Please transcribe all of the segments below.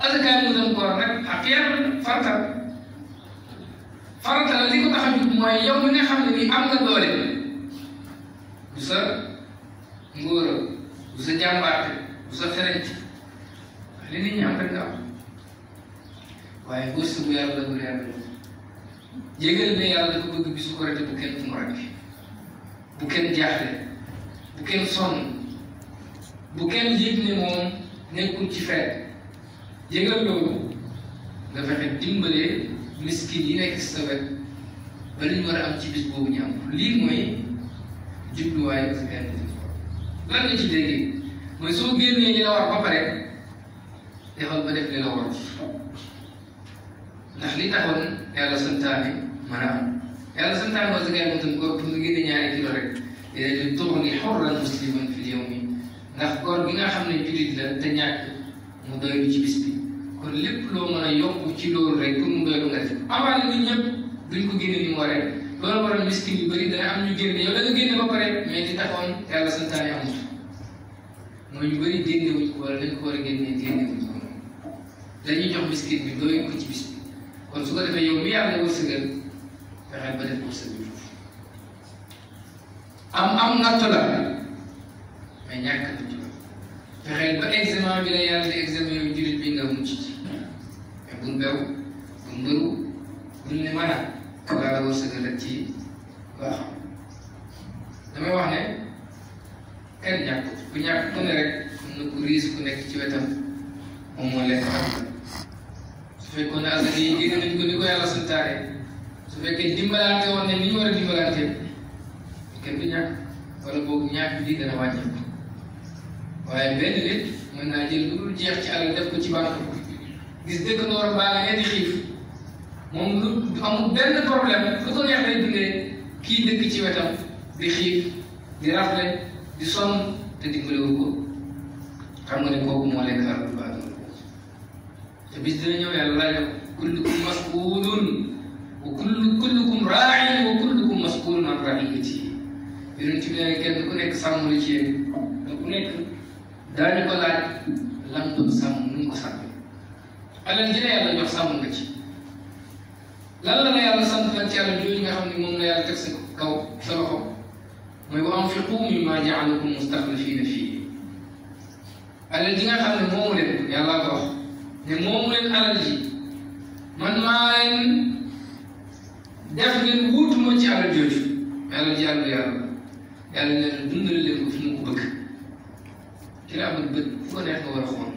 asaka mu doon koor nag ak yar farata farata la li ko tax a jóg mooy yow mi nga xam ne nii am nga doole du sa ngóora du sa jàmbaarte du sa xereñ ci li nit ñi am rek nga am waaye wërsëg bu yàlla bu ne yàlla dafa bëgg bisu ko rete bu kenn fu mu rakki bu kenn jaaxle bu kenn sonn bu kenn ne moom nekkul ci feet يجب لونه لما حدين بلي مسكينين كسبت بل المرأة تجيب بوني أمور ليه موي جيب له أي مسكين lan nga ci déggee mooy soo génnee li la war ba pare defal ba def li la war ndax li taxoon yàlla santaane mën a am yàlla santaane mooy zagaay moom tam koor pour nga génne ñaari kilo rek dina jël tuux ni xorran musliman fi yow mi ndax koor gi nga xam ne julit la te ñàkk mu doylu ci bis bi kon lépp loo mën a yokk ci loolu rek pour mu doylu nga ci awaale ñun ñëpp duñ ko génne ni mu waree loolu waral miskin yu bëri dana am ñu génne yow da nga génne ba pare mais ci taxoon yàlla santaane amut mooy ñu bëri génne wuñ ko wala dañ ko war a génne génne wuñ ko dañuy jox ci bis bi kon su ko mi yàlla wërsëgal fexeel ba def wërsëg bi foofu am am natt la mais ñàkk na fexeel ba examen bi la yàlla di yu jullit bi nga mucc ci mais bu mbew bu ne mën a yàlla wërsëgal ci loo xam damay wax ne kenn ñàkkut ku ñàkk ku ne rek am ci wetam moom moo lekk am su fekkoon ne asaka yi génn nañ ko ni ko yàlla santaare su fekkee dimbalaate woon ne ni ñu war a dimbalaate kenn du ñàkk waaye benn nit mën naa jeex ci alal def ko ci banque gis dëkk noor baa nga leen di xiif moom lu amul benn problème lu ko neex lay dundee kii ci wetam di xiif di rafle di sonn te dimbalewu ko xam nga ne kooku moo lekk alal baa te bis dina ñëw yàlla laaj ko kullukum mas'uulun wa kullu kullukum raa'in wa kullukum mas'uulun an ra'iyyatihi yonent bi ne kenn ku nekk sàmm la ci yéen ku nekk daañu ko laaj lan doon sàmm nu mu ko la yàlla jox sàmm nga ci lan la la yàlla ci yàlla jooju nga xam ne moom la yàlla teg sa kaw sa loxo mooy wa anfiqu mimma jaalakum mustaxlafina fii alal ji nga xam ne moomu leen yàlla ko wax ne moomu leen ji man maa leen def ngeen wuutuma ci alal jooju alal ji yàlla yàlla yàlla leen fi mu ko ci la amat bët ku neex nga war a xool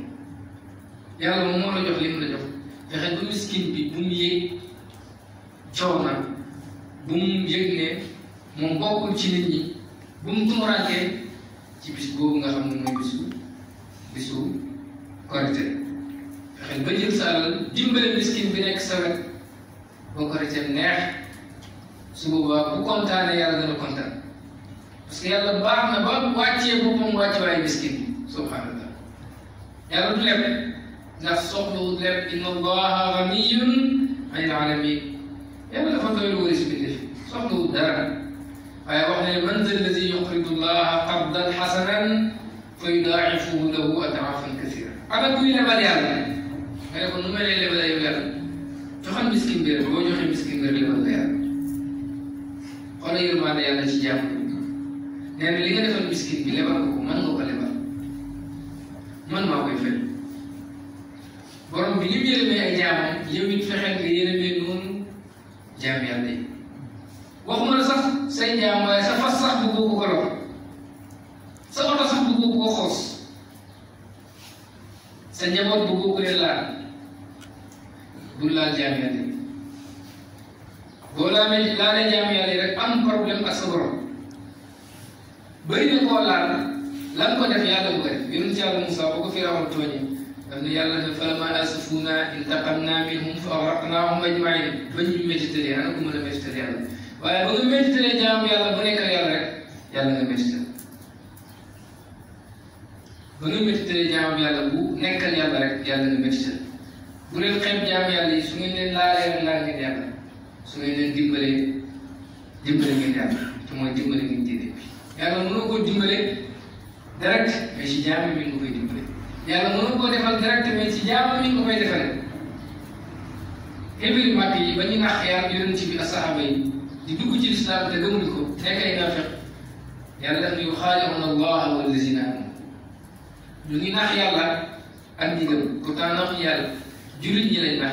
yàlla moom moo la jox li mu jox fexe ba miskin bi bu mu yëg coow na bu mu yëg ne moom bokkul ci nit ñi bu mu tumurantee ci bis boobu nga xam ne bisu bisu korite fexe ba jël sa alal dimbale miskin bi nekk sa boo korite neex su boobaa bu kontaanee yàlla dana kontaan parce que yàlla baax na ba wàccee boppam wàcce waaye miskin bi سبحانه وتعالى يغلب نفسه يغلب إن الله غني عن العالمين يغلب فتوى وليس بالإثم صحبه الدار فيروح للمنزل الذي يقرض الله قرضا حسنا فيضاعفه له أضعافا كثيرة أنا كويلة بليان أنا كنت مالي بليان joxal miskin bi rek boo joxee miskin bi rek li mën la yàlla xoolal yërmande yàlla ci jàmm nee na li nga defal miskin bi lebal ko ko mën nga ko man maa koy fay borom bi ni mu yërëmee ay jaamam yow it fexeel nga yërëmee noonu waxuma sax sax bëggoo ko ko lor sa oto sax bëggoo ko ko xoos sa njaboot bëggoo ko leen laal rek am problème ak sa borom bëri na lan ko def yàlla bu ko def yonent yàlla Moussa boo ko Firawna tooñee daf ne yàlla ne falammaa aasifuunaa intaqamnaa minhum fa agraqnaahum ajma'iin ba ñu métitale ana ko mën a métitale yàlla waaye ba nga métitale jaamu yàlla bu nekkal yàlla rek yàlla nga métitale ba nga métitale jaamu yàlla bu nekkal yàlla rek yàlla nga métitale bu leen xeeb jaamu yàlla yi su ngeen leen laalee laal ngeen yàlla su ngeen leen dimbalee dimbale ngeen yàlla te mooy dimbale ngeen jëlee yàlla mënoo ko dimbale direct mais ci jaamu mi ngi koy dimbale yàlla mënu koo direct mais ci jaamu mi ngi ko koy defale émiri màkk yi ba ñu